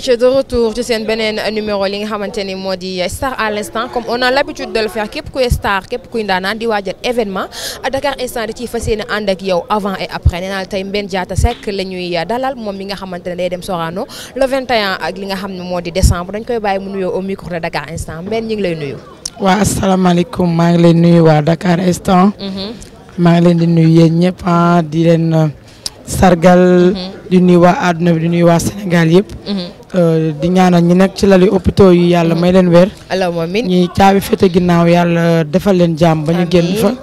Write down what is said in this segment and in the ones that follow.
ayca de retour je suis un numéro qui nga xamante star à l'instant comme on a l'habitude de le faire képp kuy star képp kuy ndaanaan di waajal événement Dakar instant di ciy fas yéene qui est avant et après nee naa tey Mbène Diatta Seck a ñuy dalal moom mi nga xamante le 21 ak li nga xam ne moo di décembre dañ koy bàyyi mu nuyoo au micro de Dakar instant Mbène ñu ngi lay nuyu. waaw asalaamaaleykum maa ngi Dakar instant. Mhm. maa ngi leen di nuyu yéen ñëpp ah, di leen uh, sargal. Mhm. di nuyu waa àdduna bi di nuyu waa Sénégal Euh, di ñaanal ñi nekk ci lali hôpitaux yi yàlla may leen wér. allahumma ñi caabi fete ginnaaw yàlla defal leen jàmm ba génn fa.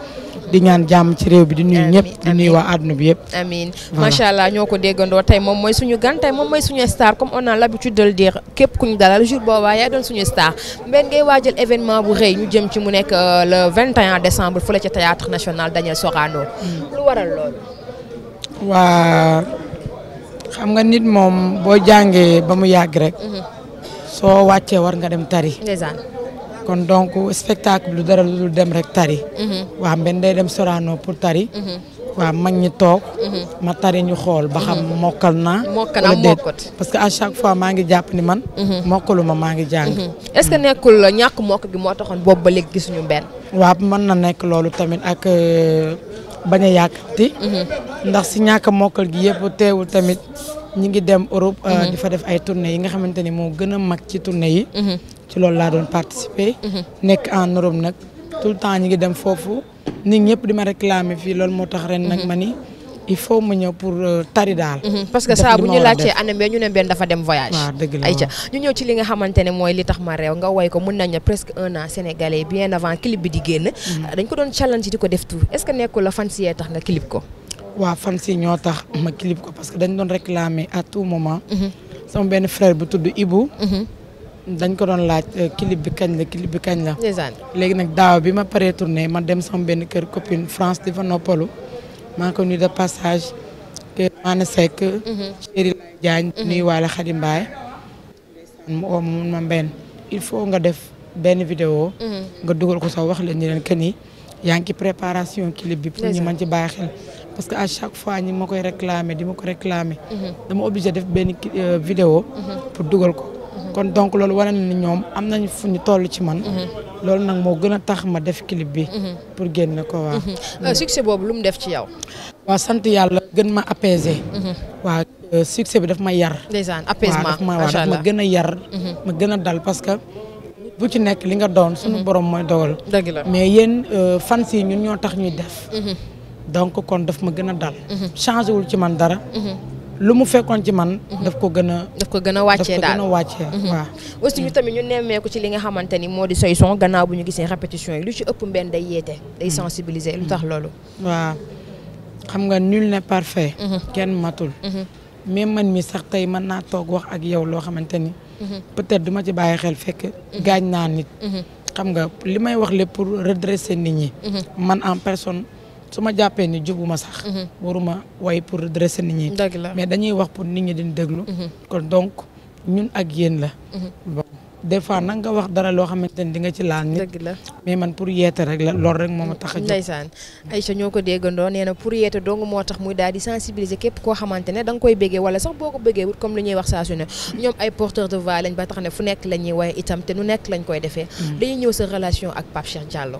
di ñaan jàmm ci réew bi du nuyu ñëpp di nuyu waa àdduna bi yëpp. amiin macha allah ñoo ko déggandoo tey moom mooy suñu gan moom mooy suñu star comme on a l'habitude de le dire képp ku ñu dalal jour boobaa yaay doon suñu star mbenn ngay waajal événement bu rëy ñu jëm ci mu nekk euh, le 21 décembre fële ca théâtre national Daniel Sorano. Hmm. lu waral loolu. waa xam nga nit moom boo jàngee ba mu yàgg rek. Mhm. soo wàccee war nga dem tari. kon donc spectacle lu dara lu dem rek tari. Mhm. waa mbenn day dem Sorano pour tari. Mhm. waaw mag ñi toog. ma tari ñu xool ba xam mokkal na mokkal naa mokkut parce que à chaque fois maa ngi jàpp ni man. mokkaluma maa ngi jàng. est-ce que nekkul ñàkk mokk gi moo taxoon boobu ba léegi gisuñu benn. waaw mën na nekk loolu tamit ak euh, bañ a yàkkati ndax si ñàkk a mokkal gi yëpp teewul tamit ñi ngi dem Europe euh, mhm. di fa def ay tournées yi nga xamante ni moo gën a mag ci tournées yi mhm. ci loolu laa doon participer mhm. nekk en Europe nag tout le temps ñi ngi dem foofu nit ñëpp di ma réclamer fii lool moo tax ren nag ma ni il faut mu pour euh, tari dal mhm. parce que ça bu ñu laajtee anam ñu né ben dafa dem voyage. waaw ñu ñëw ci li nga xamante ne mooy li tax ma réew nga way ko mun nañu presque 1 an sénégalais bien avant clip bi di génn. Mhm. dañ ko doon challenge di ko def tout est ce que nekkul la fan si tax nga clip ko. wa fan si ñoo tax ma clip ko parce que dañ doon réclamer à tout moment. Mhm. sama benn frère bu tudd Ibou. dañ ko doon laaj euh, clip bi kañ la clip bi kañ la. légui nak daaw bi ma paré tourner ma dem sama benn kër copine France di fa maa ngi ko nuyu de passage maana Seck mhm. chéri Diagne mhm. ni wala khadim bay mu ma mun il faut nga def ben vidéo mhm. nga dougal ko sa wax leen ñu leen que ni yaa ngi ci préparation clip bi pour ñu man ci bàyyi xel parce que à chaque fois ñi makoy réclamer di ko réclamer dama obligé def ben vidéo pour dougal ko kon donc loolu wane na ni ñoom am nañ fu ñu toll ci man. Mhm. loolu nag moo gën a tax ma def clip bi. Mhm. pour génn ko waaw. Mhm. Euh, succès boobu lu mu def ci yow. waa sant yàlla gën ma apaiser. waa euh, succès bi daf ma yar. ndeysaan apaisement macha allah waaw daf ma gën a yar. ma gën a dal parce que. bu ci nekk li nga doon suñu borom mooy dogal. dëgg la mais yéen euh, fan si ñun ñoo tax ñuy def. donc kon daf ma gën a dal. changé ci man dara. lu mu fekkoon ci man. Mhm. daf ko gën a. daf ko gën a wàccee daal daf ko gën mhm. aussi ñu tamit ñu nemmeeku ci li nga xamante ni moo di Soyson gannaaw bu ñu gisee répétition yi lu ci ëpp mbenn day yeete. day mhm. sensibiliser lu tax loolu. waaw xam nga nul n'est parfait. kenn matul. mais man mi sax tey mën naa toog wax ak yow loo xamante ni. peut-être duma ci bàyyi xel fekk. gaañ naa nit. xam nga li may wax lépp pour redresser nit ñi. man en personne. su ma jàppee ni jubuma sax. Mhm. waruma way pour dresser nit ñi. mais dañuy wax pour nit ñi di déglu. Mhm. kon donc ñun ak yéen la. Mhm. bon des fois wax dara loo xamante ni di nga ci laal nit. dëgg la mais man pour yeete rek la lool rek moo ma tax a jóg. ndeysaan ko déggandoo nee na pour yeete dong moo tax muy daal di sensibiliser képp koo xamante ne da nga koy bëggee wala sax boo ko bëggee wut comme lu ñuy wax saa su ne ñoom ay porteurs de voix lañ ba tax ne fu nekk la ñuy waaye itam te nu nekk lañ koy defee. Mm. dañuy ñëw sa relation ak Pape Cheikh Diallo.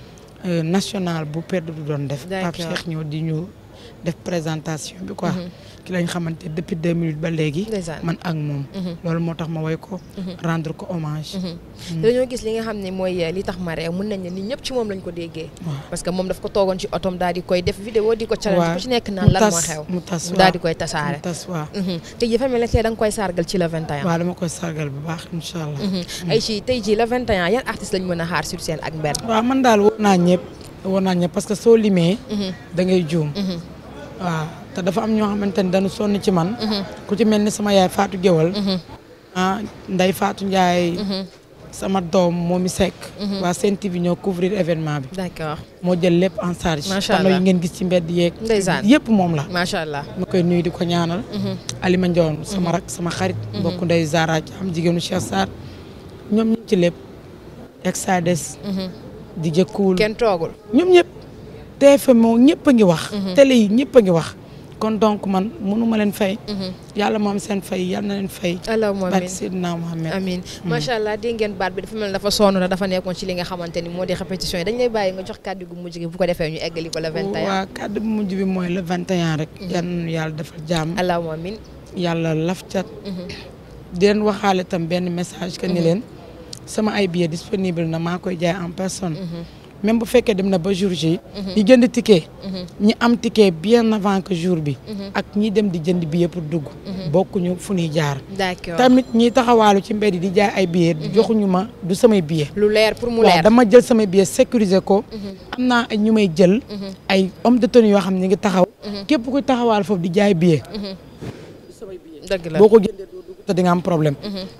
Euh, national bu perdre du doon def Pape Cheikh ñoo di ñu def présentation bi quoi mhm. ki lañ xamante depuis deux minutes ba léegi. man ak moom. Mhm. loolu moo tax ma woy ko. Mhm. rendre ko hommage. Mhm. dañoo gis li nga xam ne mooy euh, li tax ma réew mën nañ ne nit ñëpp ci moom lañ ko déggee. parce que moom daf ko toogoon ci otom daal di koy def vidéo di ko challenge ci nekk naan lan moo dama koy sargal bu baax incha allah. Mm. ay ci tey jii le 21 yan artistes lañ mën a xaar sur scène ak mbër. waaw man daal woo naa ñëpp woo parce que soo limee. da te dafa am ñoo xamante ni dañu sonn ci man. Mhm. ku ci mel ni sama yaay Fatou Géwal. Mhm. ah Ndeye Fatou Ndiaye. Mhm. sama doom moom i sekk. waa Sen TV ñoo couvrir événement bi. moo jël lépp en charge. macha allah ngeen gis ci mbedd yeeg. yëpp moom la. macha allah ma koy nuyu di ko ñaanal. Alima Ndione sama rak sama xarit. mbokk ndey Zara am jigéenu Cheikh Sarr ñoom ñu ci lépp. Exades. di jëkkuwul kenn toogul ñoom ñëpp. moo ñëpp a ngi wax. télé yi ñëpp ngi wax. kon donc man mënu ma leen fay. Mhm. yàlla moom seen fay yal na leen fay. allahumma amiin barke Seydina Mohamed. amiin macha mhm. allah dégg ngeen baat bi dafa mel dafa sonn dafa nekkoon ci li xamante ni moo di répétition yi dañ lay bàyyi nga jox kàddu gu mujj gi bu ko defee ñu eggali ko le 21. waaw kàddu rek. Mhm. yal yàlla defal jaam allahumma amiin. yàlla laf cat. di leen waxaale tam benn message. que ni leen sama ay billets disponible na maa koy jaay en personne. même bu fekkee dem na ba jour ji mhm. ñi jënd ticket. Mhm. ñi am ticket bien avant que jour bi. Mhm. ak ñi dem di jënd billet pour dugg. bokkuñu fu ñuy jaar. d'accord tamit ñi taxawaalu ci mbedd di jaay ay billets. joxuñu ma du samay bie lu leer pour mu leer dama jël samay bie sécuriser ko. am naa ay ñu may jël. ay om de tenue yoo xam ne ñu ngi taxaw. képp ku taxawaal foofu di jaay billet. dëgg la boo ko jëndee doo di nga am problème.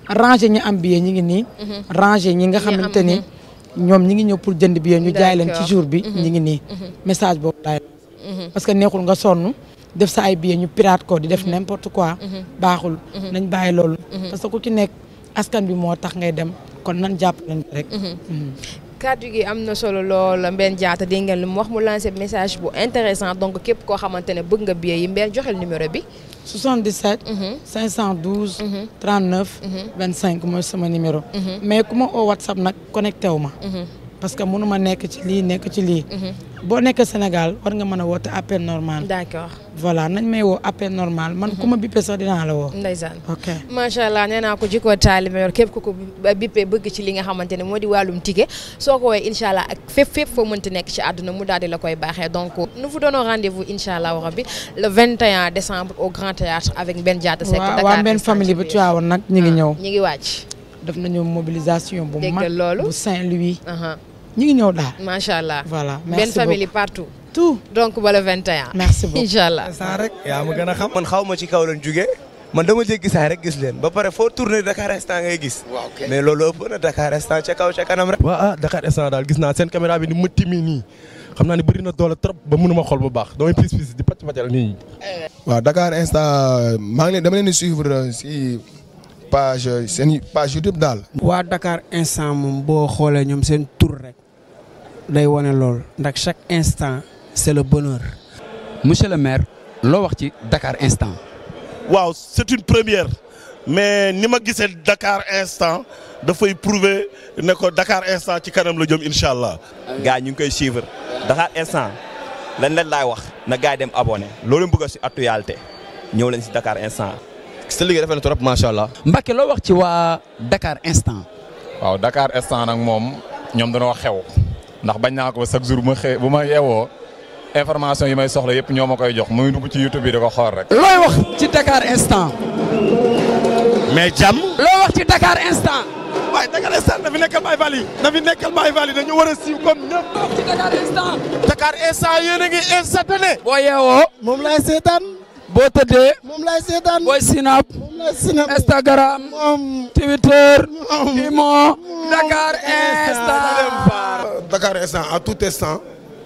ranger ñi am billet ñi ngi nii. ranger ñi nga xamante ni. ñoom ñi ngi ñëw pour jënd bi ñu jaay leen ci jour bi mhm. ñi ngi nii mhm. message boobu laay mhm. parce que neexul nga sonn def sa ay billet ñu pirate ko di def n'importe quoi baaxul nañ bàyyi loolu parce que ku ci nekk askan bi moo tax ngay dem kon nan jàpp leen rek kàddu gi am na solo lool Mbène Diatta dégg ngeen lu mu wax mu lancé message bu intéressant donc képp koo xamante ne bëgg nga billet yi Mbène joxel numéro bi. 77. 512. 39. 25 mooy sama numéro. Mhm. mais ku ma oo WhatsApp nag connecté wu ma. Mhm. parce que mënu ma nekk ci lii nekk ci lii. Mhm. boo nekkee Sénégal war nga mën a woote appel normal. d'accord voilà nañ may woo appel normal man ku bippé sax dina la wo ndeysaan ok machallah allah ko jikko talima yor kep ku ko bippé bëgg ci li nga xamantene modi walum tigé soko ticket inshallah ko woowee incha allah ak fépp fépp foo mënti nekk ci aduna mu daldi la koy baxé donc nous vous donnons rendez-vous inshallah allah rabi le 21 décembre au Grand Théâtre avec ben Diatta Seck. Dakar wa ben famille bu Tivaouane nak ñi ngi ah, ñew ñi ngi wàcc. def nañu mobilisation bu mag bu Saint-Louis. ñu ngi ñëw daal. macha allah voilà ben beaucoup famille partout. tout donc bala 21. merci beaucoup incha allah. rek yaa ma xam. man xaw ma ci kaw lan juge man dama jéggi saa rek gis leen ba pare foo tourné Dakar instant ngay gis. mais loolu ëpp na Dakar instant ca kaw ca kanam rek. waaw ah Dakar instant gis naa seen caméra bi ni mu timi nii xam naa ne bëri na doole trop ba ma xool bu baax damay pis pis di pàcc pàccal nii. waaw Dakar instant maa dama leen di si page seen page YouTube daal. waa Dakar instant moom boo xoolee ñoom seen tour rek day wane lool ndax chaque instant. c'est le bonheur. monsieur le maire loo wax ci Dakar instant. Waouh, c'est une première mais ni ma Dakar instant dafay prouver ne Dakar instant ci kanam le jëm Inshallah, allah. gars ñu ngi koy suivre Dakar instant lan leen laay wax na gars dem abonné loolu bëgg si actualité ñëw leen si Dakar instant. sa liggéey rafet na trop macha allah. Mbacke wax ci waa Dakar instant. Waouh, Dakar instant nag moom ñoom dañoo xew ndax bañ naa ko chaque jour bu ma xee bu information yi may soxla yëpp ñoo ma koy jox muy dugg ci YouTube bi da ko xool rek. looy wax ci Dakar instant. mais jàmm. looy wax ci Dakar instant. Dakar instant dafi nekkal a siiw comme ñëpp. looy instant. Dakar a ngi instantané. boo yeewoo. moom laay seetaan. boo tëddee. moom laay seetaan. booy sinap. moom Instagram. Twitter. moom Dakar instant. Dakar tout instant.